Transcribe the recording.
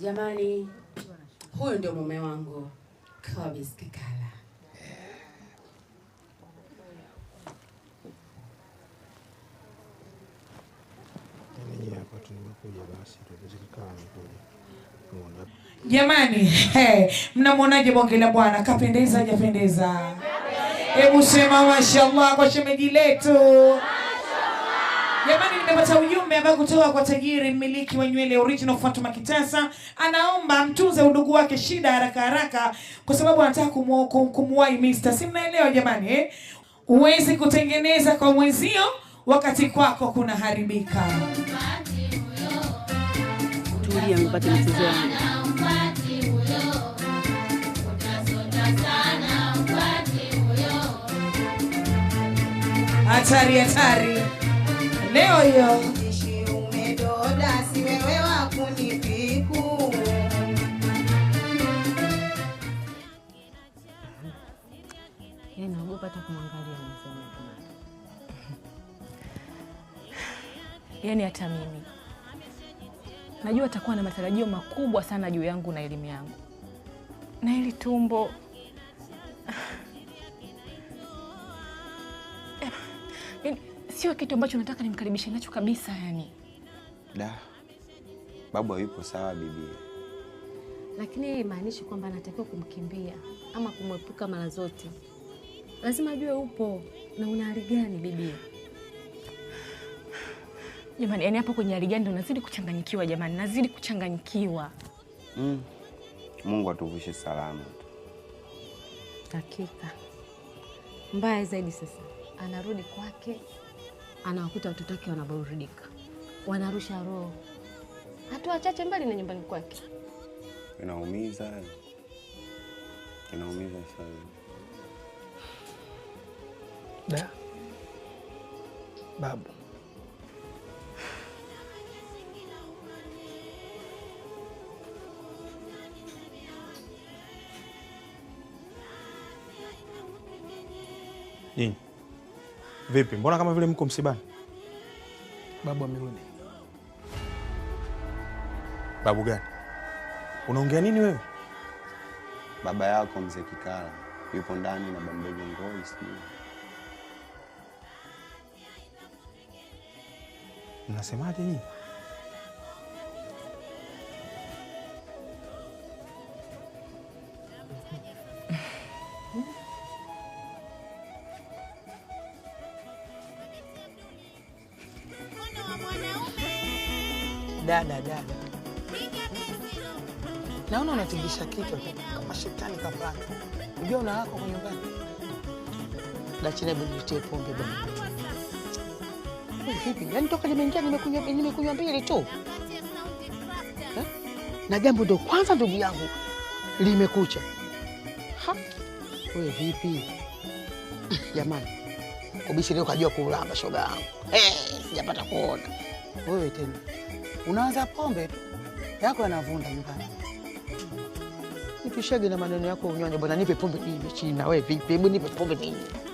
Jamani, huyu ndio mume wangu Kobisi Kikala. Jamani, hey, mnamwonaje bonge la bwana? Kapendeza hajapendeza? Hebu sema mashaallah kwa shemeji letu. Jamani, nimepata ujumbe ambao kutoka kwa tajiri mmiliki wa nywele original Fatuma Kitasa, anaomba mtunze udugu wake shida haraka haraka, kwa sababu anataka kumuwai mister. Si mnaelewa jamani eh? Huwezi kutengeneza kwa mwenzio wakati kwako kunaharibika. Tulia mpate wangu. Hatari, hatari leo hiyo ishi umedoda, yaani yaani hata mimi najua atakuwa na matarajio makubwa sana juu yangu na elimu yangu na ili tumbo. Yaani sio kitu ambacho nataka nimkaribishe nacho kabisa. Yani da babu hayupo sawa bibi, lakini yeye maanishi kwamba anatakiwa kumkimbia ama kumwepuka mara zote. Lazima ajue upo na una hali gani bibi. Jamani, yani hapo kwenye hali gani ndo nazidi kuchanganyikiwa jamani, nazidi kuchanganyikiwa mm. Mungu atuvushe salama tu. Hakika mbaya zaidi sasa anarudi kwake anawakuta watoto wake wanaburudika, wanarusha roho hatua chache mbali na nyumbani kwake. Inaumiza, inaumiza sana da babu. Nini? Vipi, mbona kama vile mko msibani? Babu amerudi. Babu gani? Unaongea nini wewe? Baba yako mzee Kikala yupo ndani na bamdogo ngoi sijui. Mnasemaje nini? Dada dada, naona unatingisha kichwa kama shetani kapanda. Unajua una wako kwa nyumbani. Dachina bunitie pombe bwana. Hivi yani toka nimeingia nimekunywa nimekunywa mbili tu eh? na jambo ndo kwanza ndugu yangu limekucha. Wewe vipi jamani? Ubishi leo kajua kulamba shoga yangu. sijapata kuona wewe tena unaanza pombe tu yako yanavunda nyumbani. Nipishage na maneno yako unyonyo bwana, nipe pombe chini. Na wewe vipi? Hebu nipe pombe chini.